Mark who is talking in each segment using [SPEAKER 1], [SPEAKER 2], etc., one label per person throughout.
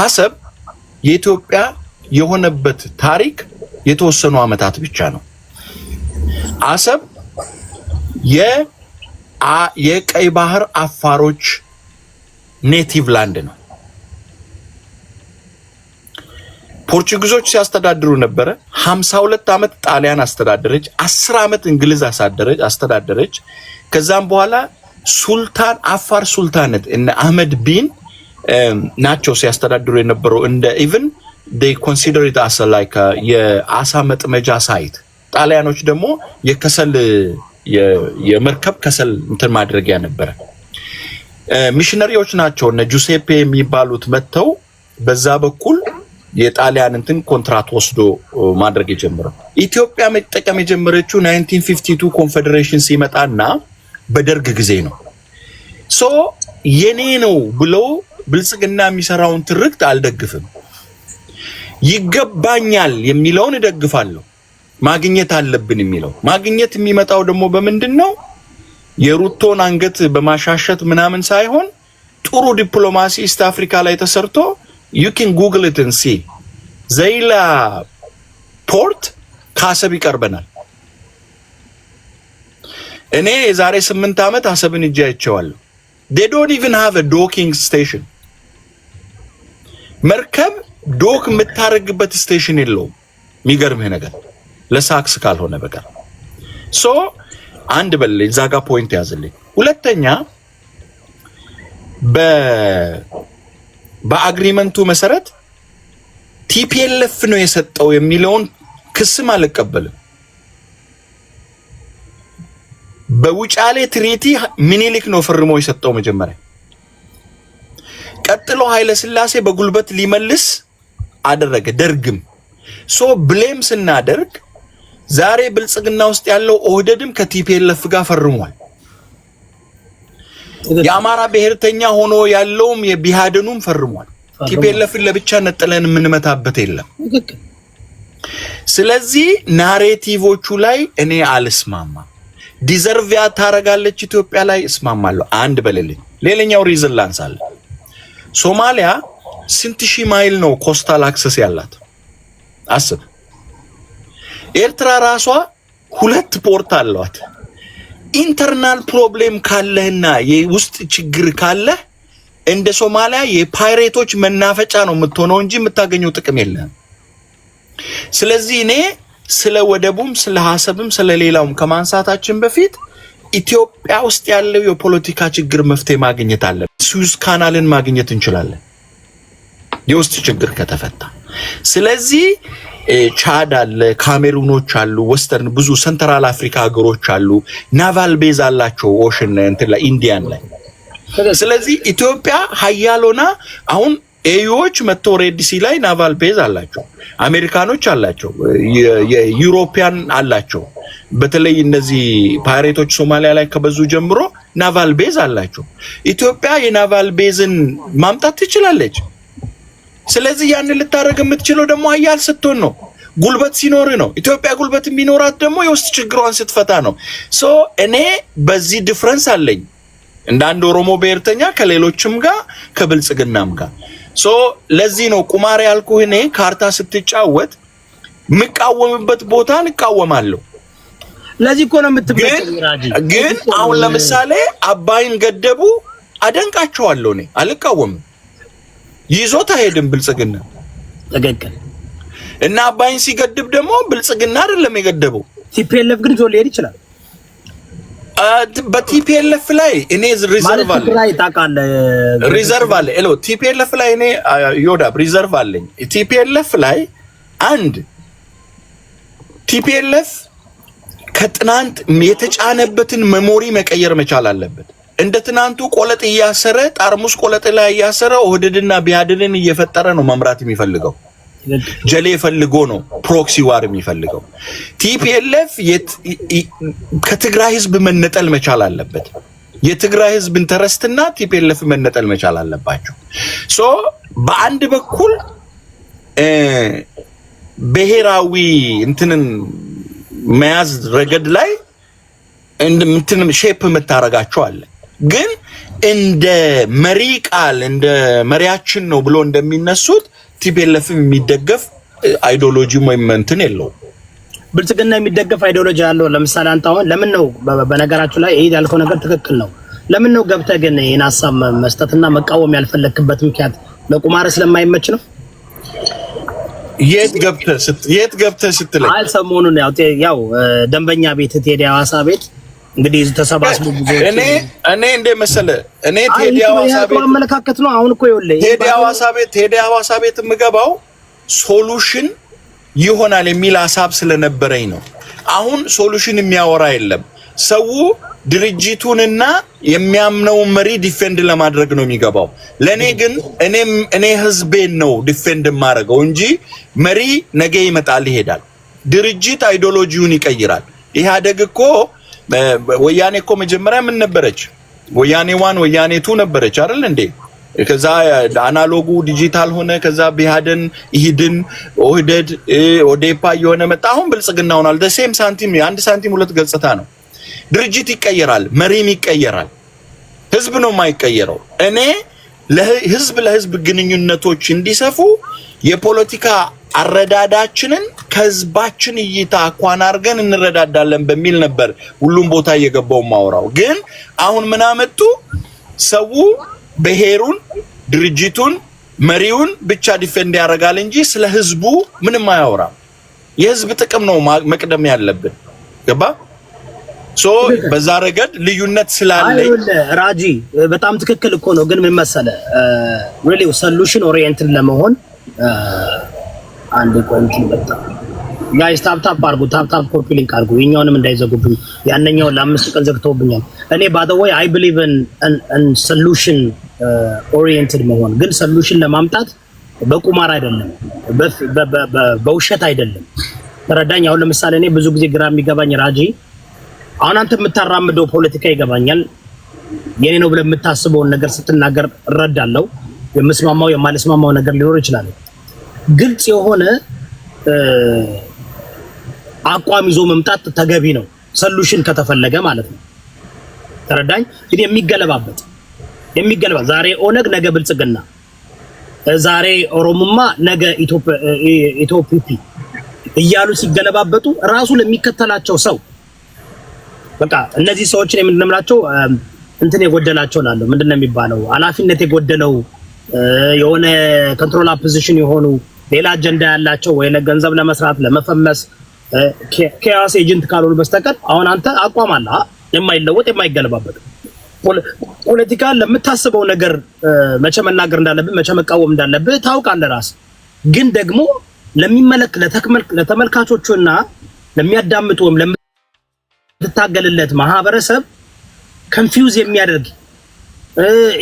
[SPEAKER 1] ሀሰብ የኢትዮጵያ የሆነበት ታሪክ የተወሰኑ ዓመታት ብቻ ነው። አሰብ የቀይ ባህር አፋሮች ኔቲቭ ላንድ ነው። ፖርቹጊዞች ሲያስተዳድሩ ነበረ። 52 ዓመት ጣሊያን አስተዳደረች። 10 ዓመት እንግሊዝ አሳደረች አስተዳደረች። ከዛም በኋላ ሱልጣን አፋር ሱልጣነት እነ አህመድ ቢን ናቸው um, ሲያስተዳድሩ የነበረው እንደ ኢቭን ኮንሲደር አስ ላይክ የአሳ መጥመጃ ሳይት። ጣሊያኖች ደግሞ የከሰል የመርከብ ከሰል እንትን ማድረጊያ ነበረ። ሚሽነሪዎች uh, ናቸው እነ ጁሴፔ የሚባሉት መጥተው በዛ በኩል የጣሊያን እንትን ኮንትራት ወስዶ uh, ማድረግ የጀመረው። ኢትዮጵያ መጠቀም የጀመረችው 1952 ኮንፌዴሬሽን ሲመጣና በደርግ ጊዜ ነው። ሶ የኔ ነው ብለው ብልጽግና የሚሰራውን ትርክት አልደግፍም። ይገባኛል የሚለውን እደግፋለሁ። ማግኘት አለብን የሚለው ማግኘት የሚመጣው ደግሞ በምንድን ነው? የሩቶን አንገት በማሻሸት ምናምን ሳይሆን ጥሩ ዲፕሎማሲ ኢስት አፍሪካ ላይ ተሰርቶ ዩ ኬን ጉግል ኢት ሲ ዘይላ ፖርት ከአሰብ ይቀርበናል። እኔ የዛሬ ስምንት ዓመት አሰብን እጅ አይቼዋለሁ። ዶንት ኢቭን ሃቭ ዶኪንግ ስቴሽን መርከብ ዶክ የምታደርግበት ስቴሽን የለውም። የሚገርምህ ነገር ለሳክስ ካልሆነ በቀር ሶ አንድ በል እዛ ፖይንት ያዝልኝ። ሁለተኛ በአግሪመንቱ መሰረት ቲፒኤልኤፍ ነው የሰጠው የሚለውን ክስም አልቀበልም። በውጫሌ ትሪቲ ሚኒሊክ ነው ፈርሞ የሰጠው መጀመሪያ ቀጥሎ ኃይለ ስላሴ በጉልበት ሊመልስ አደረገ። ደርግም ሶ ብሌም ስናደርግ ዛሬ ብልጽግና ውስጥ ያለው ኦህደድም ከቲፒኤልኤፍ ጋር ፈርሟል። የአማራ ብሔርተኛ ሆኖ ያለውም የቢሃደኑም ፈርሟል። ቲፒኤልኤፍን ለብቻ ነጥለን የምንመታበት የለም። ስለዚህ ናሬቲቮቹ ላይ እኔ አልስማማ። ዲዘርቪያ ታረጋለች ኢትዮጵያ ላይ እስማማለሁ። አንድ በሌለኝ ሌላኛው ሪዝን ላንሳለን ሶማሊያ ስንት ሺህ ማይል ነው ኮስታል አክሰስ ያላት? አስብ። ኤርትራ ራሷ ሁለት ፖርት አሏት። ኢንተርናል ፕሮብሌም ካለህና የውስጥ ችግር ካለህ እንደ ሶማሊያ የፓይሬቶች መናፈጫ ነው የምትሆነው እንጂ የምታገኘው ጥቅም የለም። ስለዚህ እኔ ስለ ወደቡም ስለ ሀሰብም ስለ ሌላውም ከማንሳታችን በፊት ኢትዮጵያ ውስጥ ያለው የፖለቲካ ችግር መፍትሄ ማግኘት አለብን። ሱዝ ካናልን ማግኘት እንችላለን የውስጥ ችግር ከተፈታ። ስለዚህ ቻድ አለ፣ ካሜሩኖች አሉ፣ ወስተርን ብዙ ሰንትራል አፍሪካ ሀገሮች አሉ፣ ናቫል ቤዝ አላቸው ኦሽን እንትን ላይ ኢንዲያን ላይ። ስለዚህ ኢትዮጵያ ሀያል ሆና አሁን ኤዩዎች መጥቶ ሲ ላይ ናቫል ቤዝ አላቸው፣ አሜሪካኖች አላቸው፣ የዩሮፒያን አላቸው። በተለይ እነዚህ ፓይሬቶች ሶማሊያ ላይ ከበዙ ጀምሮ ናቫል ቤዝ አላቸው። ኢትዮጵያ የናቫል ቤዝን ማምጣት ትችላለች። ስለዚህ ያንን ልታደርግ የምትችለው ደግሞ አያል ስትሆን ነው፣ ጉልበት ሲኖር ነው። ኢትዮጵያ ጉልበት የሚኖራት ደግሞ የውስጥ ችግሯን ስትፈታ ነው። ሶ እኔ በዚህ ዲፍረንስ አለኝ እንደ አንድ ኦሮሞ ብሔርተኛ ከሌሎችም ጋር ከብልጽግናም ጋር ሶ ለዚህ ነው ቁማር ያልኩህ። እኔ ካርታ ስትጫወት የምቃወምበት ቦታ እንቃወማለሁ። ለዚህ እኮ ነው የምትመቸኝ። ግን አሁን ለምሳሌ አባይን ገደቡ፣ አደንቃቸዋለሁ። እኔ አልቃወምም። ይዞት አይሄድም ብልጽግና ተገቀል እና አባይን ሲገድብ ደግሞ ብልጽግና አይደለም የገደበው። ሲፒኤልኤፍ ግን ዞር ሊሄድ ይችላል። በቲፒኤልኤፍ ላይ እኔ ሪዘርቭ አለኝ ሪዘርቭ አለኝ ቲፒኤልኤፍ ላይ እኔ ዮዳብ ሪዘርቭ አለኝ ቲፒኤልኤፍ ላይ አንድ ቲፒኤልኤፍ ከትናንት የተጫነበትን መሞሪ መቀየር መቻል አለበት። እንደ ትናንቱ ቆለጥ እያሰረ ጣርሙስ ቆለጥ ላይ እያሰረ ኦህዴድና ቢያድንን እየፈጠረ ነው መምራት የሚፈልገው። ጀሌ ፈልጎ ነው ፕሮክሲ ዋር የሚፈልገው። ቲፒኤልኤፍ ከትግራይ ህዝብ መነጠል መቻል አለበት። የትግራይ ህዝብ ኢንተረስትና ቲፒኤልኤፍ መነጠል መቻል አለባቸው። ሶ በአንድ በኩል ብሔራዊ እንትንን መያዝ ረገድ ላይ እንትን ሼፕ የምታረጋቸው አለ ግን እንደ መሪ ቃል እንደ መሪያችን ነው ብሎ እንደሚነሱት ቲቤለፍም የሚደገፍ አይዲዮሎጂ ወይም እንትን የለውም። ብልጽግና የሚደገፍ አይዲዮሎጂ አለው። ለምሳሌ አንተ አሁን ለምን ነው በነገራችሁ ላይ ይሄ ያልከው ነገር ትክክል ነው። ለምን ነው ገብተ ግን ይህን ሀሳብ መስጠትና መቃወም ያልፈለግክበት ምክንያት ለቁማር ስለማይመች ነው? የት ገብተ የት ገብተህ ስትለኝ አይ ሰሞኑን ያው ደንበኛ ቤት ቴዲ ሐዋሳ ቤት እንግዲህ ተሰባስቡ ብዙ እኔ እኔ እንደ መሰለ እኔ ቴዲ ሐዋሳ ቤት አመለካከት ነው። አሁን እኮ ይኸውልህ ቴዲ ሐዋሳ ቤት ቴዲ ሐዋሳ ቤት የምገባው ሶሉሽን ይሆናል የሚል ሀሳብ ስለነበረኝ ነው። አሁን ሶሉሽን የሚያወራ የለም። ሰው ድርጅቱንና የሚያምነውን መሪ ዲፌንድ ለማድረግ ነው የሚገባው። ለእኔ ግን እኔም እኔ ህዝቤን ነው ዲፌንድ የማደርገው እንጂ መሪ ነገ ይመጣል ይሄዳል። ድርጅት አይዲዮሎጂውን ይቀይራል። ኢህአዴግ እኮ ወያኔ እኮ መጀመሪያ ምን ነበረች? ወያኔ ዋን ወያኔ ቱ ነበረች አይደል እንዴ? ከዛ አናሎጉ ዲጂታል ሆነ። ከዛ ብአዴን፣ ኢህድን፣ ኦህደድ፣ ኦዴፓ እየሆነ መጣ። አሁን ብልጽግና ሆኗል። ደሴም ሳንቲም አንድ ሳንቲም ሁለት ገጽታ ነው። ድርጅት ይቀየራል፣ መሪም ይቀየራል። ህዝብ ነው የማይቀየረው። እኔ ለህዝብ ለህዝብ ግንኙነቶች እንዲሰፉ የፖለቲካ አረዳዳችንን ከህዝባችን እይታ አኳን አድርገን እንረዳዳለን በሚል ነበር ሁሉም ቦታ እየገባው ማውራው። ግን አሁን ምናመጡ ሰው ብሔሩን፣ ድርጅቱን፣ መሪውን ብቻ ዲፌንድ ያደርጋል እንጂ ስለ ህዝቡ ምንም አያወራም። የህዝብ ጥቅም ነው መቅደም ያለብን። ገባ ሶ በዛ ረገድ ልዩነት ስላለ ራጂ በጣም ትክክል እኮ ነው። ግን ምን መሰለ ሪሊ ሶሉሽን ኦሪየንትድ ለመሆን አንድ ቆንጆ በጣም ጋይስ ታፕ ታፕ አድርጉ። ታፕ ታፕ ኮፒ ሊንክ አድርጉ። የኛውንም እንዳይዘጉብኝ። ያንኛውን ለአምስት ቀን ዘግተውብኛል። እኔ ባይ ዘ ወይ አይ ቢሊቭ ን ሶሉሽን ኦሪየንትድ መሆን ግን ሶሉሽን ለማምጣት በቁማር አይደለም፣ በውሸት አይደለም። ተረዳኝ። አሁን ለምሳሌ እኔ ብዙ ጊዜ ግራ የሚገባኝ ራጂ፣ አሁን አንተ የምታራምደው ፖለቲካ ይገባኛል። የኔ ነው ብለህ የምታስበውን ነገር ስትናገር እረዳለሁ። የምስማማው የማልስማማው ነገር ሊኖር ይችላል። ግልጽ የሆነ አቋም ይዞ መምጣት ተገቢ ነው። ሰሉሽን ከተፈለገ ማለት ነው። ተረዳኝ። እንግዲህ የሚገለባበት የሚገለባ ዛሬ ኦነግ ነገ ብልጽግና፣ ዛሬ ኦሮሞማ ነገ ኢትዮፒፒ እያሉ ሲገለባበጡ ራሱ ለሚከተላቸው ሰው በቃ እነዚህ ሰዎችን የምንምላቸው እንትን የጎደላቸው ላለ ምንድን ነው የሚባለው ኃላፊነት የጎደለው የሆነ ኮንትሮል ኦፖዚሽን የሆኑ ሌላ አጀንዳ ያላቸው ወይ ለገንዘብ ለመስራት ለመፈመስ ኬያስ ኤጀንት ካልሆኑ በስተቀር አሁን አንተ አቋም አለ የማይለወጥ የማይገለባበት ፖለቲካ ለምታስበው ነገር መቼ መናገር እንዳለብህ መቼ መቃወም እንዳለብህ ታውቃለህ። ራስህ ግን ደግሞ ለሚመለክ ለተመልካቾቹና ለሚያዳምጡ ወይም ለምትታገልለት ማህበረሰብ ኮንፊውዝ የሚያደርግ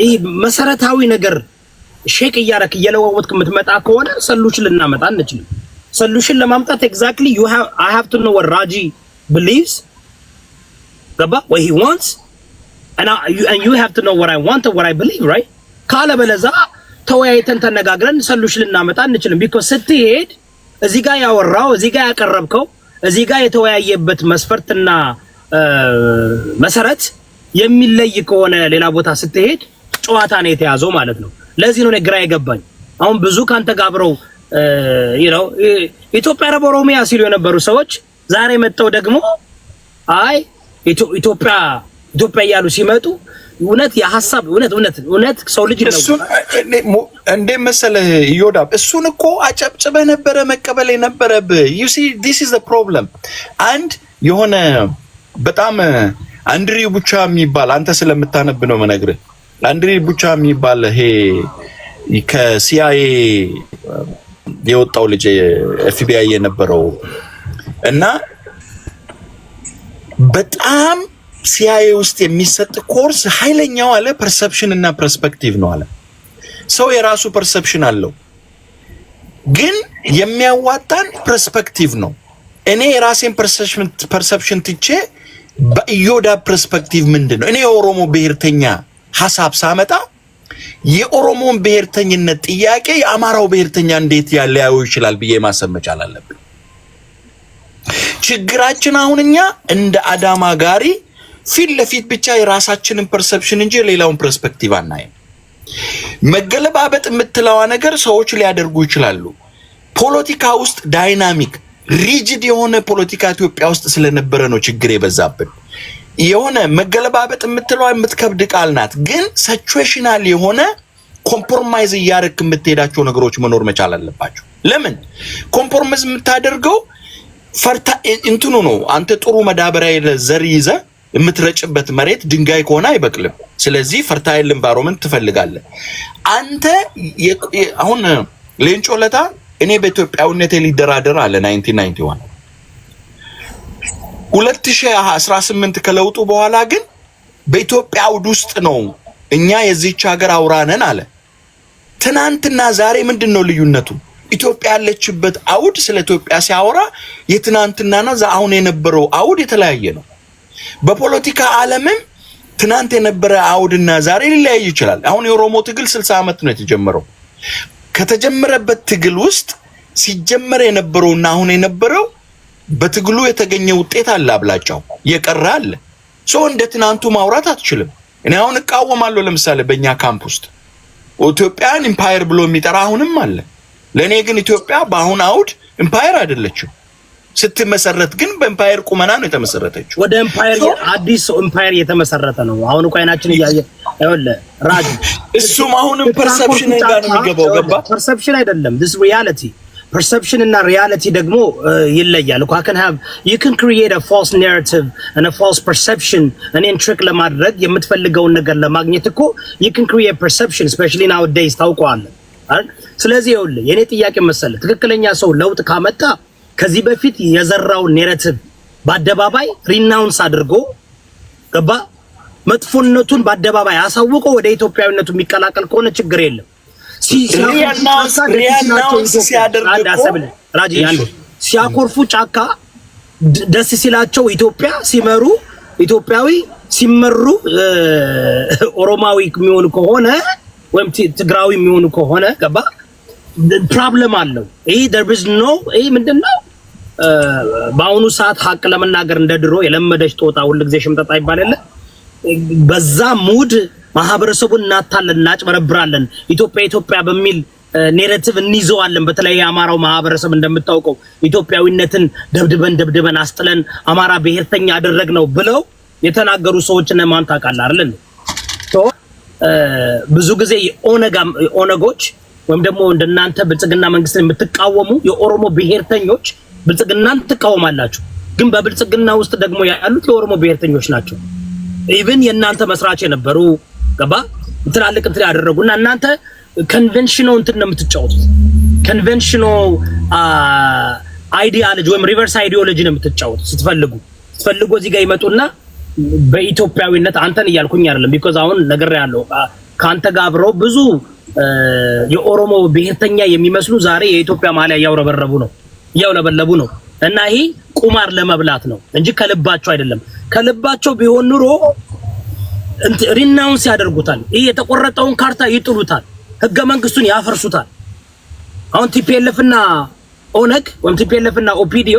[SPEAKER 1] ይህ መሰረታዊ ነገር ሼክ እያረክ እየለዋወጥክ የምትመጣ ከሆነ ሰሉሽን ልናመጣ አንችልም። ሰሉሽን ለማምጣት ኤግዛክትሊ ዩ ሃቭ አይ ሃቭ ቱ ኖ ወት ራጂ ቢሊቭስ ገባ ወይ ሂ ዋንትስ and I, you, and you ወር to know what I want and what ተወያይተን ተነጋግረን ሰሉሽን ልናመጣ አንችልም። ቢኮዝ ስትሄድ እዚህ ጋር ያወራው እዚህ ጋር ያቀረብከው እዚህ ጋር የተወያየበት መስፈርትና መሰረት የሚለይ ከሆነ ሌላ ቦታ ስትሄድ ጨዋታ ነው የተያዘው ማለት ነው። ለዚህ ነው ግራ የገባኝ። አሁን ብዙ ካንተ ጋር አብረው ነው ኢትዮጵያ ረብ ኦሮሚያ ሲሉ የነበሩ ሰዎች ዛሬ መጥተው ደግሞ አይ ኢትዮጵያ ኢትዮጵያ እያሉ ሲመጡ እውነት የሀሳብ እውነት እውነት እውነት ሰው ልጅ ነው። እንዴ መሰለህ ዮዳብ እሱን እኮ አጨብጭበህ ነበረ መቀበል የነበረብህ። ዩ ሲ ዲስ ኢዝ ዘ ፕሮብለም። አንድ የሆነ በጣም አንድሪው ብቻ የሚባል አንተ ስለምታነብ ነው መነግርህ አንድሬ ቡቻ የሚባል ይሄ ከሲአይኤ የወጣው ልጅ ኤፍቢአይ የነበረው እና በጣም ሲአይኤ ውስጥ የሚሰጥ ኮርስ ኃይለኛው አለ ፐርሰፕሽን እና ፐርስፔክቲቭ ነው አለ። ሰው የራሱ ፐርሰፕሽን አለው፣ ግን የሚያዋጣን ፐርስፔክቲቭ ነው። እኔ የራሴን ፐርሰፕሽን ትቼ በኢዮዳ ፐርስፔክቲቭ ምንድን ነው እኔ የኦሮሞ ብሔርተኛ ሀሳብ ሳመጣ የኦሮሞን ብሔርተኝነት ጥያቄ የአማራው ብሔርተኛ እንዴት ሊያየው ይችላል ብዬ ማሰብ መቻል አለብን። ችግራችን አሁን እኛ እንደ አዳማ ጋሪ ፊት ለፊት ብቻ የራሳችንን ፐርሰፕሽን እንጂ ሌላውን ፐርስፔክቲቭ አናይም። መገለባበጥ የምትለዋ ነገር ሰዎች ሊያደርጉ ይችላሉ። ፖለቲካ ውስጥ ዳይናሚክ ሪጅድ የሆነ ፖለቲካ ኢትዮጵያ ውስጥ ስለነበረ ነው ችግር የበዛብን። የሆነ መገለባበጥ የምትለዋ የምትከብድ ቃል ናት፣ ግን ሰቹዌሽናል የሆነ ኮምፕሮማይዝ እያደረግክ የምትሄዳቸው ነገሮች መኖር መቻል አለባቸው። ለምን ኮምፕሮማይዝ የምታደርገው ፈርታ እንትኑ ነው። አንተ ጥሩ መዳበሪያ ዘር ይዘ የምትረጭበት መሬት ድንጋይ ከሆነ አይበቅልም። ስለዚህ ፈርታይል ኢንቫይሮንመንት ትፈልጋለህ። አንተ አሁን ሌንጮ ለታ እኔ በኢትዮጵያዊነቴ ሊደራደር አለ 1991 2018 ከለውጡ በኋላ ግን በኢትዮጵያ አውድ ውስጥ ነው እኛ የዚች ሀገር አውራነን አለ። ትናንትና ዛሬ ምንድን ነው ልዩነቱ? ኢትዮጵያ ያለችበት አውድ ስለ ኢትዮጵያ ሲያወራ የትናንትናና አሁን የነበረው አውድ የተለያየ ነው። በፖለቲካ ዓለምም ትናንት የነበረ አውድና ዛሬ ሊለያይ ይችላል። አሁን የኦሮሞ ትግል ስልሳ ዓመት ነው የተጀመረው። ከተጀመረበት ትግል ውስጥ ሲጀመር የነበረውና አሁን የነበረው በትግሉ የተገኘ ውጤት አለ፣ አብላጫው የቀረ አለ። ሰው እንደ ትናንቱ ማውራት አትችልም። እኔ አሁን እቃወማለሁ። ለምሳሌ በእኛ ካምፕ ውስጥ ኢትዮጵያን ኢምፓየር ብሎ የሚጠራ አሁንም አለ። ለእኔ ግን ኢትዮጵያ በአሁን አውድ ኢምፓየር አይደለችም። ስትመሰረት ግን በኢምፓየር ቁመና ነው የተመሰረተችው። ወደ ኢምፓየር አዲስ ኢምፓየር እየተመሰረተ ነው። አሁን እኮ አይናችን እያየ ይኸውልህ፣ ራጅ እሱም አሁንም ፐርሰፕሽን ጋር ነው የሚገባው። ገባ ፐርሰፕሽን አይደለም ዲስ ሪያሊቲ ፐርሰፕሽን እና ሪያሊቲ ደግሞ ይለያል እኮ አከን ሃቭ ዩ ካን ክሪኤት አ ፎልስ ናሬቲቭ እና ፎልስ ፐርሰፕሽን እኔን ትሪክ ለማድረግ የምትፈልገውን ነገር ለማግኘት እኮ ዩ ካን ክሪኤት ፐርሰፕሽን ስፔሻሊ ናው ዴይስ ታውቀዋለህ አይደል ስለዚህ ይኸውልህ የኔ ጥያቄ መሰለህ ትክክለኛ ሰው ለውጥ ካመጣ ከዚህ በፊት የዘራውን ኔሬቲቭ በአደባባይ ሪናውንስ አድርጎ ገባ መጥፎነቱን በአደባባይ አሳውቆ ወደ ኢትዮጵያዊነቱ የሚቀላቀል ከሆነ ችግር የለም ሲያኮርፉ ጫካ፣ ደስ ሲላቸው ኢትዮጵያ ሲመሩ ኢትዮጵያዊ ሲመሩ ኦሮማዊ የሚሆኑ ከሆነ ወይም ትግራዊ የሚሆኑ ከሆነ ገባ ፕሮብለም አለው። ይህ ደርብዝ ኖ ይህ ምንድን ነው? በአሁኑ ሰዓት ሀቅ ለመናገር እንደ ድሮ የለመደች ጦጣ ሁልጊዜ ሽምጠጣ ይባል የለ በዛ ሙድ ማህበረሰቡን እናታለን፣ እናጭበረብራለን፣ ኢትዮጵያ ኢትዮጵያ በሚል ኔሬቲቭ እንይዘዋለን። በተለይ የአማራው ማህበረሰብ እንደምታውቀው ኢትዮጵያዊነትን ደብድበን ደብድበን አስጥለን አማራ ብሔርተኛ ነው ብለው የተናገሩ ሰዎች እነማን ታውቃለህ አይደል? ብዙ ጊዜ ኦነጎች ወይም ደግሞ እንደናንተ ብልጽግና መንግስትን የምትቃወሙ የኦሮሞ ብሔርተኞች ብልጽግናን ትቃወማላችሁ፣ ግን በብልጽግና ውስጥ ደግሞ ያሉት የኦሮሞ ብሔርተኞች ናቸው። ኢቭን የእናንተ መስራች የነበሩ ገባ ትላልቅ እንትን ያደረጉና እናንተ ኮንቬንሽኖ እንትን ነው የምትጫወቱት። ኮንቬንሽኖ አይዲያሎጂ ወይም ሪቨርስ አይዲዮሎጂ ነው የምትጫወቱት። ስትፈልጉ ስትፈልጉ እዚህ ጋር ይመጡና በኢትዮጵያዊነት አንተን እያልኩኝ አይደለም፣ ቢኮዝ አሁን ነገር ያለው ከአንተ ጋር አብረው ብዙ የኦሮሞ ብሔርተኛ የሚመስሉ ዛሬ የኢትዮጵያ ማሊያ እያውረበረቡ ነው እያውለበለቡ ነው። እና ይሄ ቁማር ለመብላት ነው እንጂ ከልባቸው አይደለም። ከልባቸው ቢሆን ኑሮ ሪናውንስ ያደርጉታል። ይህ የተቆረጠውን ካርታ ይጥሉታል። ህገ መንግስቱን ያፈርሱታል። አሁን ቲፒኤልኤፍና ኦነግ ወይም ቲፒኤልኤፍና ኦፒዲዮ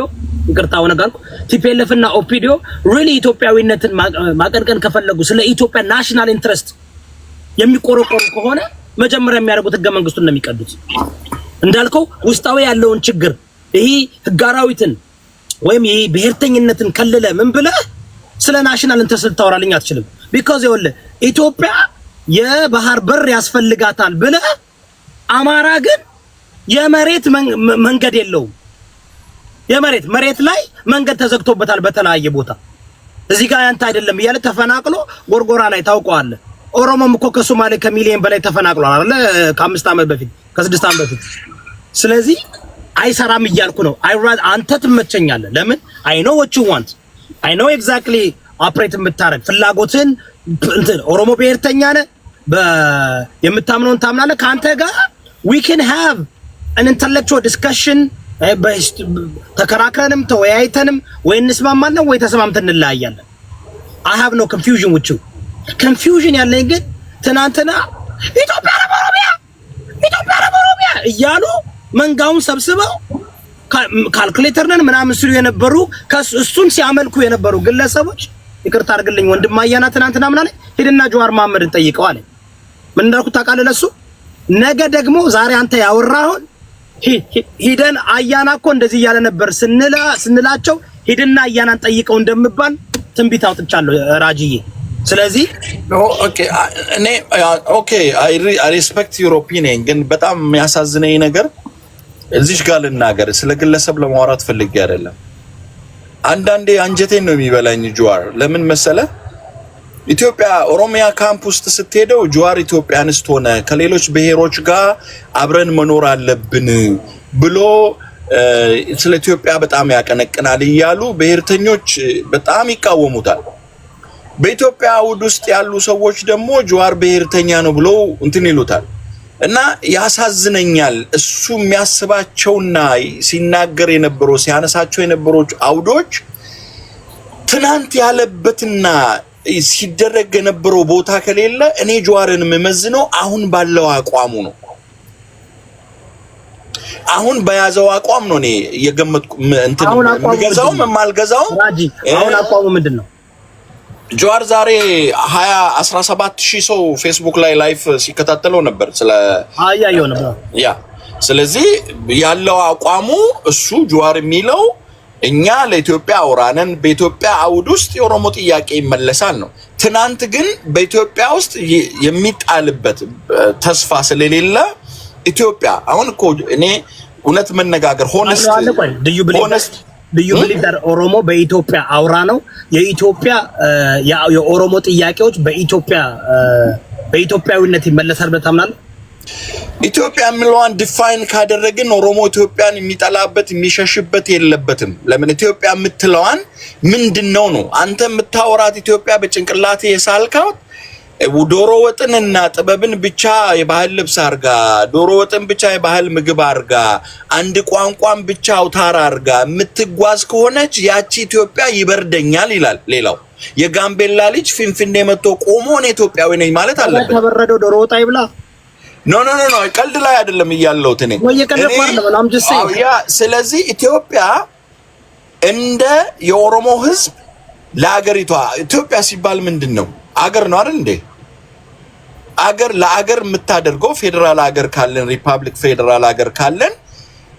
[SPEAKER 1] ይቅርታ ኦነግ አልኩ። ቲፒኤልኤፍና ኦፒዲዮ ሪሊ ኢትዮጵያዊነትን ማቀንቀን ከፈለጉ ስለ ኢትዮጵያ ናሽናል ኢንትረስት የሚቆረቆሩ ከሆነ መጀመሪያ የሚያደርጉት ህገ መንግስቱን ነው የሚቀዱት። እንዳልከው ውስጣዊ ያለውን ችግር ይህ ህጋራዊትን ወይም ይህ ብሔርተኝነትን ከልለ ምን ብለህ ስለ ናሽናል እንትን ስታወራልኝ አትችልም። ቢኮዝ ይኸውልህ ኢትዮጵያ የባህር በር ያስፈልጋታል ብለህ አማራ ግን የመሬት መንገድ የለውም። የመሬት መሬት ላይ መንገድ ተዘግቶበታል በተለያየ ቦታ። እዚህ ጋር ያንተ አይደለም እያለ ተፈናቅሎ ጎርጎራ ላይ ታውቀዋለህ። ኦሮሞም እኮ ከሶማሌ ከሚሊዮን በላይ ተፈናቅሏል አይደለ? ከአምስት ዓመት በፊት ከስድስት ዓመት በፊት። ስለዚህ አይሰራም እያልኩ ነው። አንተ ትመቸኛለህ። ለምን አይ ኖ ዎቹ ዋንት አይ ኖ ኤግዛክትሊ ኦፕሬት የምታረግ ፍላጎትን እንትን ኦሮሞ ብሔርተኛ ነህ የምታምነውን ታምናለህ። ከአንተ ጋር ዊ ካን ሃቭ አን ኢንተሌክቹዋል ዲስከሽን ተከራክረንም ተወያይተንም ወይ እንስማማለን ወይ ተስማምተን እንለያያለን። አይ ሃቭ ኖ ኮንፊውዥን ዊዝ ዩ። ኮንፊውዥን ያለኝ ግን ትናንትና ኢትዮጵያ ረበሮቢያ ኢትዮጵያ ረበሮቢያ እያሉ መንጋውን ሰብስበው ካልኩሌተር ምናምን ሲሉ የነበሩ እሱን ሲያመልኩ የነበሩ ግለሰቦች ይቅርታ አድርግልኝ ወንድም አያና ትናንትና ምናለ ሄድና ጀዋር መሐመድን ጠይቀው አለ። ምን እንዳልኩት ታውቃለህ? ለሱ ነገ ደግሞ ዛሬ አንተ ያወራሁን ሂደን አያና እኮ እንደዚህ እያለ ነበር ስንላቸው ሂድና አያናን ጠይቀው እንደምባል ትንቢት አውጥቻለሁ ራጅዬ። ስለዚህ ኦኬ አይ ሪስፔክት ዩሮፒኒን ግን በጣም የሚያሳዝነኝ ነገር እዚች ጋር ልናገር፣ ስለ ግለሰብ ለማውራት ፈልጌ አይደለም። አንዳንዴ አንጀቴን ነው የሚበላኝ ጁዋር። ለምን መሰለ ኢትዮጵያ ኦሮሚያ ካምፕ ውስጥ ስትሄደው ጁዋር ኢትዮጵያንስት ሆነ ከሌሎች ብሔሮች ጋር አብረን መኖር አለብን ብሎ ስለ ኢትዮጵያ በጣም ያቀነቅናል እያሉ ብሔርተኞች በጣም ይቃወሙታል። በኢትዮጵያ አውድ ውስጥ ያሉ ሰዎች ደግሞ ጁዋር ብሔርተኛ ነው ብሎ እንትን ይሉታል። እና ያሳዝነኛል። እሱ የሚያስባቸውና ሲናገር የነበረው ሲያነሳቸው የነበሮች አውዶች ትናንት ያለበትና ሲደረግ የነበረው ቦታ ከሌለ እኔ ጀዋርን የምመዝነው አሁን ባለው አቋሙ ነው። አሁን በያዘው አቋም ነው እኔ የገመትኩ እንትን የምገዛውም የማልገዛውም። አሁን አቋሙ ምንድን ነው? ጀዋር ዛሬ ሀያ አስራ ሰባት ሺህ ሰው ፌስቡክ ላይ ላይፍ ሲከታተለው ነበር። ስለ ነበር ያ ስለዚህ ያለው አቋሙ እሱ ጀዋር የሚለው እኛ ለኢትዮጵያ አውራነን በኢትዮጵያ አውድ ውስጥ የኦሮሞ ጥያቄ ይመለሳል ነው። ትናንት ግን በኢትዮጵያ ውስጥ የሚጣልበት ተስፋ ስለሌለ ኢትዮጵያ አሁን እኮ እኔ እውነት መነጋገር ሆነስት ልዩ ቢሊቭ ኦሮሞ በኢትዮጵያ አውራ ነው። የኢትዮጵያ የኦሮሞ ጥያቄዎች በኢትዮጵያ በኢትዮጵያዊነት ይመለሳል ብለህ ታምናለህ? ኢትዮጵያ የሚለዋን ዲፋይን ካደረግን ኦሮሞ ኢትዮጵያን የሚጠላበት የሚሸሽበት የለበትም። ለምን ኢትዮጵያ የምትለዋን ምንድን ነው ነው አንተ የምታወራት ኢትዮጵያ በጭንቅላት የሳልካት ዶሮ ወጥንና ጥበብን ብቻ የባህል ልብስ አርጋ፣ ዶሮ ወጥን ብቻ የባህል ምግብ አርጋ፣ አንድ ቋንቋን ብቻ አውታር አርጋ የምትጓዝ ከሆነች ያቺ ኢትዮጵያ ይበርደኛል ይላል። ሌላው የጋምቤላ ልጅ ፊንፊኔ መጥቶ ቆሞ እኔ ኢትዮጵያዊ ነኝ ማለት አለበት። ተበረደው ዶሮ ወጣ ይብላ። ኖ ኖ ኖ ቀልድ ላይ አይደለም እያለሁት እኔ። ስለዚህ ኢትዮጵያ እንደ የኦሮሞ ህዝብ ለሀገሪቷ ኢትዮጵያ ሲባል ምንድን ነው አገር ነው አይደል እንዴ? አገር ለአገር የምታደርገው ፌዴራል አገር ካለን ሪፐብሊክ ፌዴራል አገር ካለን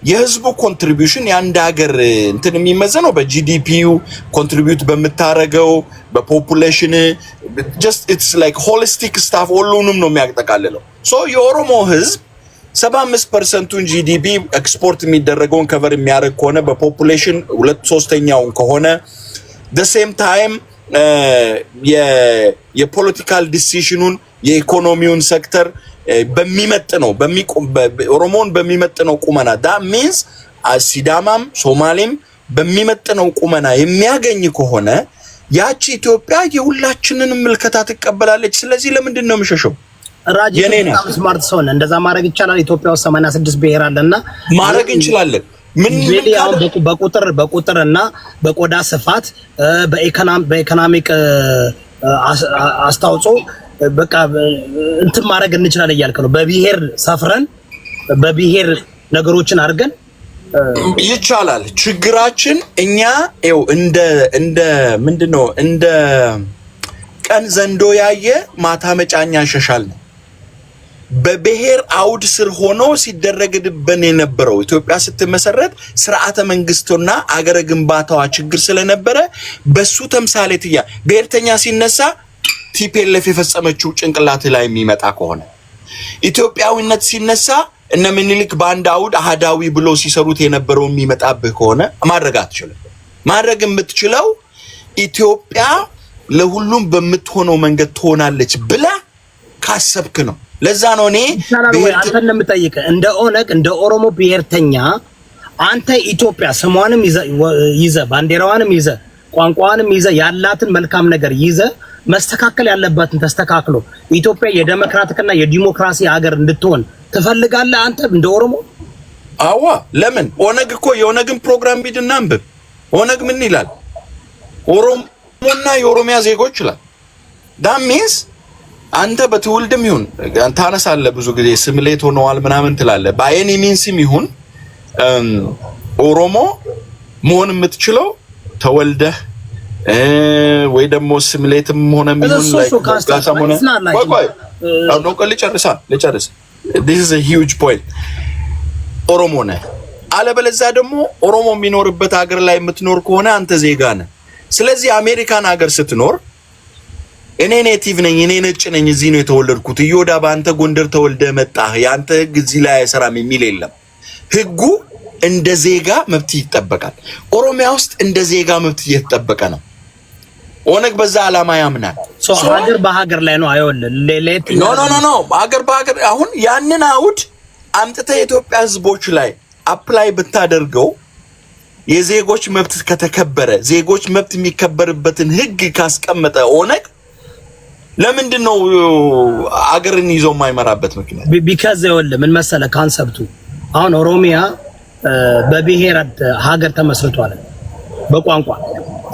[SPEAKER 1] የህዝቡ ኮንትሪቢሽን የአንድ ሀገር እንትን የሚመዘነው በጂዲፒው ኮንትሪቢዩት በምታደረገው በፖፑሌሽን ጀስት ኢትስ ላይክ ሆሊስቲክ ስታፍ ሁሉንም ነው የሚያጠቃልለው። ሶ የኦሮሞ ህዝብ 75 ፐርሰንቱን ጂዲፒ ኤክስፖርት የሚደረገውን ከቨር የሚያደርግ ከሆነ በፖፑሌሽን ሁለት ሶስተኛውን ከሆነ ደ ሴም ታይም የፖለቲካል ዲሲሽኑን የኢኮኖሚውን ሴክተር በሚመጥ ነው ኦሮሞን በሚመጥ ነው ቁመና ዳ ሚንስ ሲዳማም ሶማሌም በሚመጥ ነው ቁመና የሚያገኝ ከሆነ ያቺ ኢትዮጵያ የሁላችንን ምልከታ ትቀበላለች። ስለዚህ ለምንድን ነው የምሸሸው? ራጅ ስማርት ሰው ነህ። እንደዛ ማድረግ ይቻላል። ኢትዮጵያ ውስጥ 86 ብሔር አለና ማድረግ እንችላለን። በቁጥር በቁጥር እና በቆዳ ስፋት በኢኮኖሚክ አስተዋጽኦ በቃ እንትን ማድረግ እንችላለን እያልክ ነው። በብሔር ሰፍረን በብሔር ነገሮችን አድርገን ይቻላል። ችግራችን እኛ ው እንደ እንደ ምንድን ነው እንደ ቀን ዘንዶ ያየ ማታ መጫኛ ነው በብሔር አውድ ስር ሆኖ ሲደረግብን የነበረው ኢትዮጵያ ስትመሰረት ስርዓተ መንግስቱና አገረ ግንባታዋ ችግር ስለነበረ በሱ ተምሳሌት እያ ብሔርተኛ ሲነሳ ቲፒኤልኤፍ የፈጸመችው ጭንቅላት ላይ የሚመጣ ከሆነ ኢትዮጵያዊነት ሲነሳ እነ ምኒልክ በአንድ አውድ አህዳዊ ብሎ ሲሰሩት የነበረው የሚመጣብህ ከሆነ ማድረግ አትችልም። ማድረግ የምትችለው ኢትዮጵያ ለሁሉም በምትሆነው መንገድ ትሆናለች ብላ ካሰብክ ነው። ለዛ ነው እኔ አንተን የምጠይቅህ እንደ ኦነግ እንደ ኦሮሞ ብሔርተኛ አንተ ኢትዮጵያ ስሟንም ይዘ ባንዲራዋንም ይዘ ቋንቋዋንም ይዘ ያላትን መልካም ነገር ይዘ መስተካከል ያለባትን ተስተካክሎ ኢትዮጵያ የዴሞክራቲክና የዲሞክራሲ ሀገር እንድትሆን ትፈልጋለህ አንተ እንደ ኦሮሞ? አዋ ለምን ኦነግ እኮ የኦነግን ፕሮግራም ቢድና አንብብ። ኦነግ ምን ይላል? ኦሮሞና የኦሮሚያ ዜጎች ይላል ዳት ሚንስ አንተ በትውልድም ይሁን ታነሳለህ ብዙ ጊዜ ስም ስምሌት ሆነዋል ምናምን ትላለህ። በአይኒ ሚንስም ይሁን ኦሮሞ መሆን የምትችለው ተወልደህ ወይ ደግሞ ስምሌትም ሆነ ሚሆን ላይ ጋሳም ሆነ ቆይ ቆይ ነው ቆይ ልጨርሳ ልጨርስ this is a huge point ኦሮሞ ነህ። አለበለዚያ ደግሞ ኦሮሞ የሚኖርበት ሀገር ላይ የምትኖር ከሆነ አንተ ዜጋ ነህ። ስለዚህ አሜሪካን ሀገር ስትኖር እኔ ኔቲቭ ነኝ፣ እኔ ነጭ ነኝ፣ እዚህ ነው የተወለድኩት። እዮዳ በአንተ ጎንደር ተወልደ መጣህ፣ የአንተ ህግ እዚህ ላይ አይሰራም የሚል የለም። ህጉ እንደ ዜጋ መብት ይጠበቃል። ኦሮሚያ ውስጥ እንደ ዜጋ መብት እየተጠበቀ ነው። ኦነግ በዛ አላማ ያምናል። ሀገር በሀገር ላይ ነው። ኖ ኖ ኖ ሀገር በሀገር አሁን ያንን አውድ አምጥተ የኢትዮጵያ ህዝቦች ላይ አፕላይ ብታደርገው የዜጎች መብት ከተከበረ ዜጎች መብት የሚከበርበትን ህግ ካስቀመጠ ኦነግ ለምንድን ነው አገርን ይዞ የማይመራበት ምክንያት? ቢካዝ ይወል ምን መሰለ ካንሰብቱ አሁን ኦሮሚያ በብሔር ሀገር ተመስርቷል በቋንቋ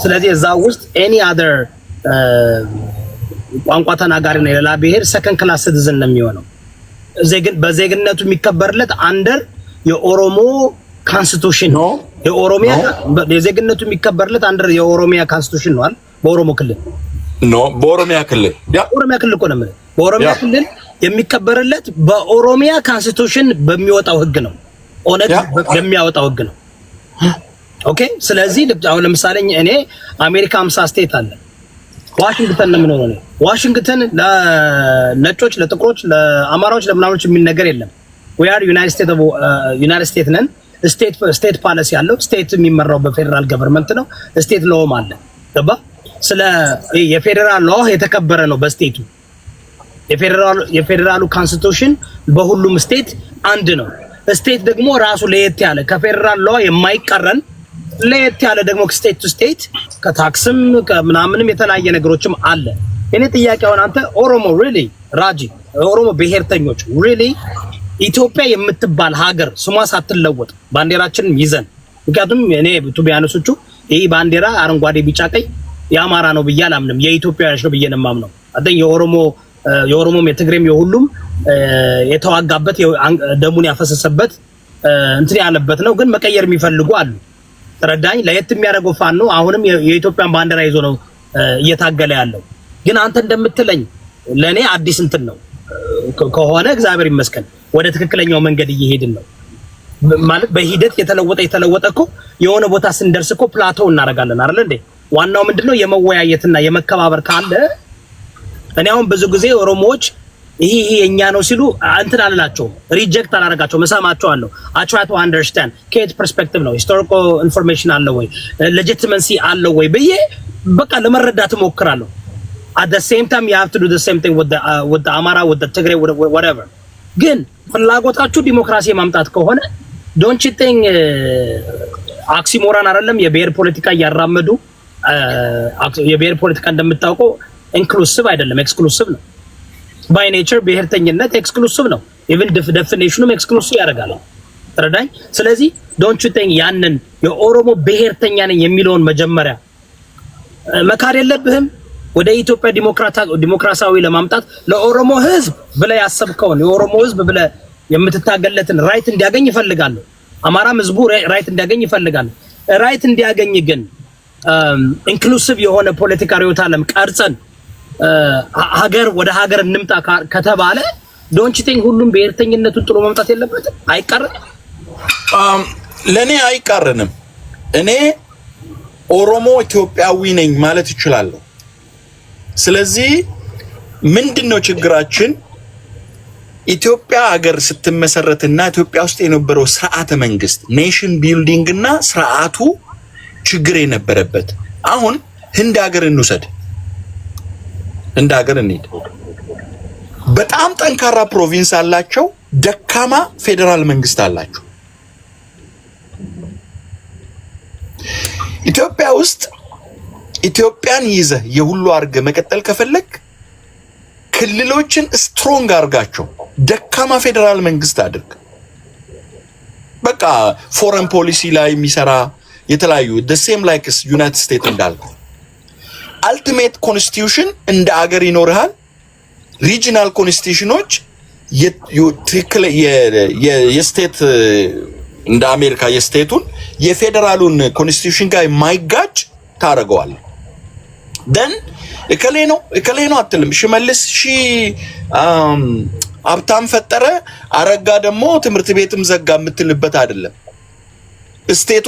[SPEAKER 1] ስለዚህ እዛ ውስጥ ኤኒ አደር ቋንቋ ተናጋሪ ነው የሌላ ብሔር ሰከንድ ክላስ ሲቲዝን ነው የሚሆነው። በዜግነቱ የሚከበርለት አንደር የኦሮሞ ካንስቲቱሽን ነው። የኦሮሚያ የዜግነቱ የሚከበርለት አንደር የኦሮሚያ ካንስቲቱሽን ነው አይደል? በኦሮሞ ክልል ኖ በኦሮሚያ ክልል ኦሮሚያ ክልል እኮ ነው የምልህ። በኦሮሚያ ክልል የሚከበርለት በኦሮሚያ ካንስቲቱሽን በሚወጣው ህግ ነው። ኦነግ በሚያወጣው ህግ ነው። ኦኬ። ስለዚህ አሁን ለምሳሌ እኔ አሜሪካ ሃምሳ ስቴት አለ። ዋሽንግተን ነው የምኖረው ነው። ዋሽንግተን ለነጮች፣ ለጥቁሮች፣ ለአማራዎች፣ ለምናምኖች የሚል ነገር የለም። we ዩናይትድ ስቴት uh, state of united ነን። ስቴት ስቴት ፓለሲ አለው። ስቴት የሚመራው በፌዴራል ገቨርንመንት ነው። ስቴት ሎም አለ። ገባ ስለ የፌዴራል ሎ የተከበረ ነው በስቴቱ የፌዴራሉ ኮንስቲቱሽን በሁሉም ስቴት አንድ ነው። ስቴት ደግሞ ራሱ ለየት ያለ ከፌዴራል ሎ የማይቀረን ለየት ያለ ደግሞ ስቴት ቱ ስቴት ከታክስም ከምናምንም የተለያየ ነገሮችም አለ። እኔ ጥያቄውን አንተ ኦሮሞ ሪሊ ራጂ ኦሮሞ ብሔርተኞች ሪሊ ኢትዮጵያ የምትባል ሀገር ስሟ ሳትለወጥ ባንዲራችንም ይዘን ምክንያቱም እኔ ቱቢያኖሶቹ ይህ ባንዲራ አረንጓዴ፣ ቢጫ፣ ቀይ የአማራ ነው ብዬ አላምንም። የኢትዮጵያውያኖች ነው ብዬ ነው የማምነው። የኦሮሞ የኦሮሞም የትግሬም የሁሉም የተዋጋበት ደሙን ያፈሰሰበት እንትን ያለበት ነው። ግን መቀየር የሚፈልጉ አሉ። ተረዳኝ። ለየት የሚያደርገው ፋኖ አሁንም የኢትዮጵያን ባንዲራ ይዞ ነው እየታገለ ያለው። ግን አንተ እንደምትለኝ ለእኔ አዲስ እንትን ነው ከሆነ እግዚአብሔር ይመስገን ወደ ትክክለኛው መንገድ እየሄድን ነው ማለት በሂደት የተለወጠ የተለወጠ እኮ የሆነ ቦታ ስንደርስ እኮ ፕላቶ እናደርጋለን አይደል እንዴ? ዋናው ምንድነው የመወያየትና የመከባበር ካለ እኔ አሁን ብዙ ጊዜ ኦሮሞዎች ይሄ ይሄ የኛ ነው ሲሉ እንትን አልላቸውም፣ ሪጀክት አላደርጋቸውም፣ እሰማቸዋለሁ። አለው ትራይ ቱ አንደርስታንድ ከየት ፐርስፔክቲቭ ነው ሂስቶሪካል ኢንፎርሜሽን አለ ወይ ሌጂቲመሲ አለ ወይ ብዬ በቃ ለመረዳት እሞክራለሁ። አት ዘ ሴም ታይም ዩ ሃቭ ቱ ዱ ዘ ሴም ቲንግ ዊዝ ዘ አማራ ዊዝ ዘ ትግሬ ወትኤቨር። ግን ፍላጎታችሁ ዲሞክራሲ ማምጣት ከሆነ ዶንት ዩ ቲንክ አክሲሞራን አይደለም የብሔር ፖለቲካ እያራመዱ የብሔር ፖለቲካ እንደምታውቀው ኢንክሉሲቭ አይደለም፣ ኤክስክሉሲቭ ነው። ባይ ኔቸር ብሔርተኝነት ኤክስክሉሲቭ ነው። ኢቭን ደፊኔሽኑም ኤክስክሉሲቭ ያደርጋል። ረዳኝ። ስለዚህ ዶንት ዩ ቲንክ ያንን የኦሮሞ ብሔርተኛ ነኝ የሚለውን መጀመሪያ መካድ የለብህም። ወደ ኢትዮጵያ ዲሞክራሲያዊ ለማምጣት ለኦሮሞ ህዝብ ብለህ ያሰብከውን የኦሮሞ ህዝብ ብለህ የምትታገለትን ራይት እንዲያገኝ ይፈልጋሉ። አማራም ህዝቡ ራይት እንዲያገኝ ይፈልጋሉ። ራይት እንዲያገኝ ግን ኢንክሉሲቭ um, የሆነ ፖለቲካ ሪዮት ዓለም ቀርጸን uh, ሀገር ወደ ሀገር እንምጣ ከተባለ ዶንት ቲንክ ሁሉም ብሔርተኝነቱን ጥሎ መምጣት የለበትም። አይቃረንም፣ um, ለእኔ አይቃረንም። እኔ ኦሮሞ ኢትዮጵያዊ ነኝ ማለት እችላለሁ። ስለዚህ ምንድን ነው ችግራችን? ኢትዮጵያ ሀገር ስትመሰረትና ኢትዮጵያ ውስጥ የነበረው ስርዓተ መንግስት ኔሽን ቢልዲንግ እና ስርዓቱ ችግር የነበረበት። አሁን ህንድ ሀገር እንውሰድ፣ ህንድ ሀገር እንሂድ። በጣም ጠንካራ ፕሮቪንስ አላቸው፣ ደካማ ፌዴራል መንግስት አላቸው። ኢትዮጵያ ውስጥ ኢትዮጵያን ይዘህ የሁሉ አድርገህ መቀጠል ከፈለግ ክልሎችን ስትሮንግ አድርጋቸው ደካማ ፌዴራል መንግስት አድርግ። በቃ ፎረን ፖሊሲ ላይ የሚሰራ የተለያዩ ሴም ላይክስ ዩናይትድ ስቴትስ እንዳልከው አልቲሜት ኮንስቲቱሽን እንደ አገር ይኖርሃል። ሪጂናል ኮንስቲቱሽኖች ትክክል የስቴት እንደ አሜሪካ የስቴቱን የፌዴራሉን ኮንስቲቱሽን ጋር የማይጋጭ ታደርገዋል። ደን እከሌ ነው እከሌ ነው አትልም። ሽመልስ ሺ ሀብታም ፈጠረ አረጋ ደግሞ ትምህርት ቤትም ዘጋ የምትልበት አይደለም። ስቴቶ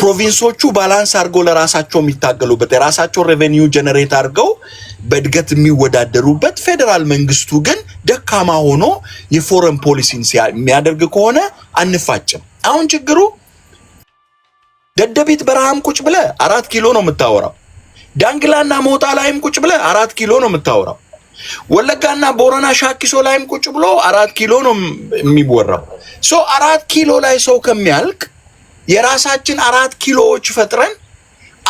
[SPEAKER 1] ፕሮቪንሶቹ ባላንስ አድርገው ለራሳቸው የሚታገሉበት የራሳቸው ሬቨኒው ጀነሬት አድርገው በእድገት የሚወዳደሩበት፣ ፌዴራል መንግስቱ ግን ደካማ ሆኖ የፎረን ፖሊሲን የሚያደርግ ከሆነ አንፋጭም። አሁን ችግሩ ደደቢት በረሃም ቁጭ ብለ አራት ኪሎ ነው የምታወራው። ዳንግላና ሞጣ ላይም ቁጭ ብለ አራት ኪሎ ነው የምታወራው። ወለጋና ቦረና ሻኪሶ ላይም ቁጭ ብሎ አራት ኪሎ ነው የሚወራው። ሶ አራት ኪሎ ላይ ሰው ከሚያልቅ የራሳችን አራት ኪሎዎች ፈጥረን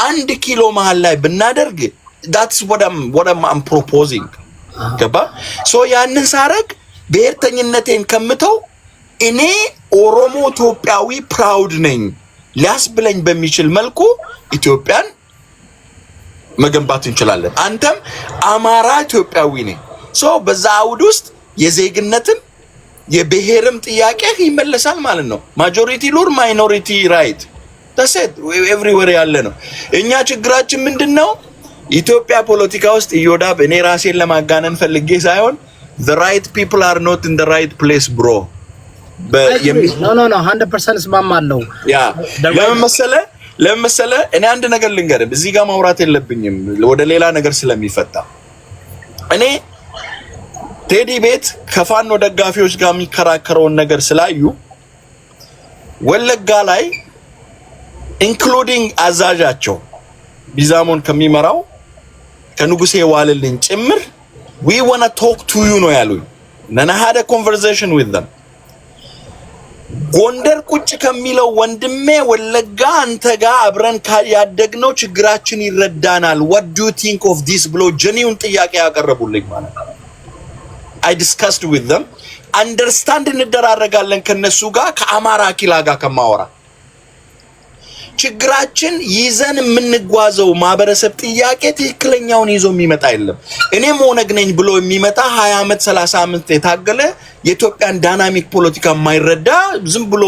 [SPEAKER 1] አንድ ኪሎ መሀል ላይ ብናደርግ ዳትስ ወደም አም ፕሮፖዚንግ ገባ ሶ ያንን ሳረግ ብሔርተኝነቴን ከምተው እኔ ኦሮሞ ኢትዮጵያዊ ፕራውድ ነኝ ሊያስብለኝ በሚችል መልኩ ኢትዮጵያን መገንባት እንችላለን። አንተም አማራ ኢትዮጵያዊ ነኝ ሶ በዛ አውድ ውስጥ የዜግነትን የብሔርም ጥያቄ ይመለሳል ማለት ነው። ማጆሪቲ ሉር ማይኖሪቲ ራይት ተሴት ኤቭሪዌር ያለ ነው። እኛ ችግራችን ምንድን ነው? ኢትዮጵያ ፖለቲካ ውስጥ እዮዳብ፣ እኔ ራሴን ለማጋነን ፈልጌ ሳይሆን ዘ ራይት ፒፕል አር ኖት ኢን ዘ ራይት ፕሌስ ብሮ እስማማለሁ። ለምን መሰለህ ለምን መሰለህ፣ እኔ አንድ ነገር ልንገርህ፣ እዚህ ጋር ማውራት የለብኝም ወደ ሌላ ነገር ስለሚፈታ እኔ ቴዲ ቤት ከፋኖ ደጋፊዎች ጋር የሚከራከረውን ነገር ስላዩ ወለጋ ላይ ኢንክሉዲንግ አዛዣቸው ቢዛሞን ከሚመራው ከንጉሴ ዋልልኝ ጭምር ዊ ዋና ቶክ ቱ ዩ ነው ያሉኝ። ነናሃደ ኮንቨርሴሽን ዊዝ ዘም ጎንደር ቁጭ ከሚለው ወንድሜ ወለጋ አንተ ጋ አብረን ያደግነው ችግራችን ይረዳናል። ዋት ዱ ዩ ቲንክ ኦፍ ዲስ ብሎ ጀኒውን ጥያቄ ያቀረቡልኝ ማለት ነው። አይ ዲስከስድ ዊዝ ዘም አንደርስታንድ እንደራረጋለን ከነሱ ጋር ከአማራ አኪላ ጋር ከማወራ ችግራችን ይዘን የምንጓዘው ማህበረሰብ ጥያቄ ትክክለኛውን ይዞ የሚመጣ የለም። እኔም ኦነግ ነኝ ብሎ የሚመጣ ሀያ ዓመት ሰላሳ ዓመት የታገለ የኢትዮጵያን ዳይናሚክ ፖለቲካ የማይረዳ ዝም ብሎ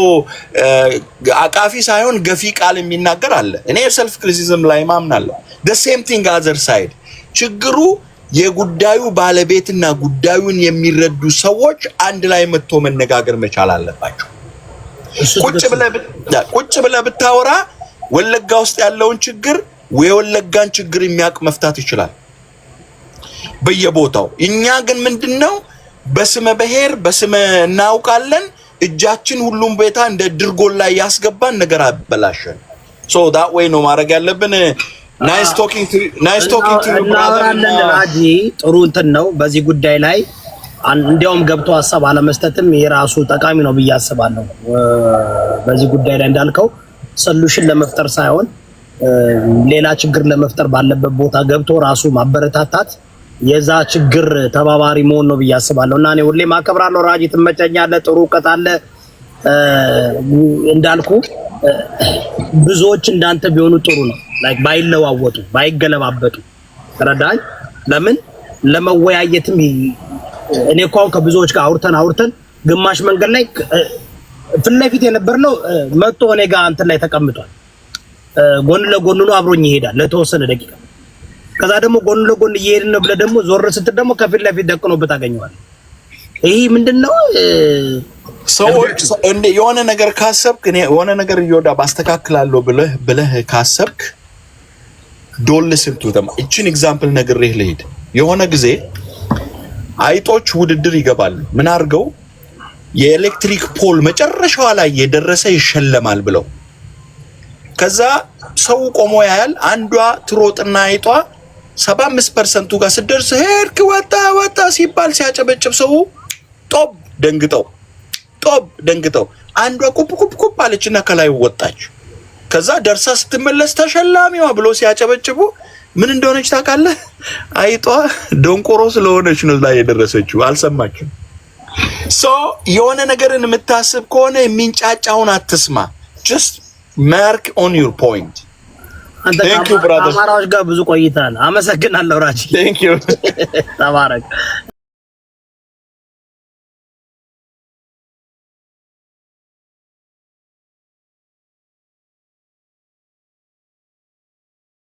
[SPEAKER 1] አቃፊ ሳይሆን ገፊ ቃል የሚናገር አለ። እኔ ሰልፍ ክሪቲሲዝም ላይ ማምናለሁ። ሴም ቲንግ አዘር ሳይድ ችግሩ የጉዳዩ ባለቤትና ጉዳዩን የሚረዱ ሰዎች አንድ ላይ መጥቶ መነጋገር መቻል አለባቸው። ቁጭ ብለ ብታወራ ወለጋ ውስጥ ያለውን ችግር የወለጋን ችግር የሚያውቅ መፍታት ይችላል በየቦታው። እኛ ግን ምንድን ነው በስመ ብሔር በስመ እናውቃለን እጃችን ሁሉም ቤታ እንደ ድርጎን ላይ ያስገባን ነገር አበላሸን። ሶ ዳት ወይ ነው ማድረግ ያለብን። ናይስ ቶኪንግ ጥሩ እንትን ነው። በዚህ ጉዳይ ላይ እንዲያውም ገብቶ ሀሳብ አለመስጠትም የራሱ ጠቃሚ ነው ብዬ አስባለሁ። በዚህ ጉዳይ ላይ እንዳልከው ሰሉሽን ለመፍጠር ሳይሆን ሌላ ችግር ለመፍጠር ባለበት ቦታ ገብቶ ራሱ ማበረታታት የዛ ችግር ተባባሪ መሆን ነው ብዬ አስባለሁ። እና እኔ ሁሌ ማከብራለሁ። ራጂ ትመቸኛለህ፣ ጥሩ እውቀት አለ እንዳልኩ ብዙዎች እንዳንተ ቢሆኑ ጥሩ ነው። ላይክ ባይለዋወጡ ባይገለባበጡ ተረዳኝ። ለምን ለመወያየትም እኔ እኮ አሁን ከብዙዎች ጋር አውርተን አውርተን ግማሽ መንገድ ላይ ፊት ለፊት የነበርነው መጥቶ እኔ ጋር እንትን ላይ ተቀምጧል። ጎን ለጎን ነው አብሮኝ ይሄዳል ለተወሰነ ደቂቃ። ከዛ ደግሞ ጎን ለጎን እየሄድን ነው ብለህ ደግሞ ዞር ስትል ደግሞ ከፊት ለፊት ደቅኖበት አገኘዋለሁ። ይሄ ምንድነው ነው? ሰዎች የሆነ ነገር ካሰብክ የሆነ ነገር እየወዳ ባስተካክላለሁ ብለህ ብለህ ካሰብክ ዶል ስንቱ ተማ እቺን ኤግዛምፕል ነግሬህ ልሄድ። የሆነ ጊዜ አይጦች ውድድር ይገባሉ። ምን አድርገው የኤሌክትሪክ ፖል መጨረሻዋ ላይ የደረሰ ይሸለማል ብለው ከዛ ሰው ቆሞ ያያል። አንዷ ትሮጥና አይጧ 75 ፐርሰንቱ ጋር ስደርስ ሄድክ ወጣ ወጣ ሲባል ሲያጨበጭብ ሰው ጦብ ደንግጠው ጦብ ደንግጠው አንዷ ቁብ ቁብ ቁብ አለችና ከላይ ወጣች። ከዛ ደርሳ ስትመለስ ተሸላሚዋ ብሎ ሲያጨበጭቡ ምን እንደሆነች ታውቃለህ? አይጧ ደንቆሮ ስለሆነች ነው ላይ የደረሰችው። አልሰማችም። ሶ የሆነ ነገርን የምታስብ ከሆነ የሚንጫጫውን አትስማ። ጀስት ማርክ ኦን ዩር ፖይንት። አማራዎች ጋር ብዙ ቆይታል። አመሰግናለሁ ራጂ። ተባረክ።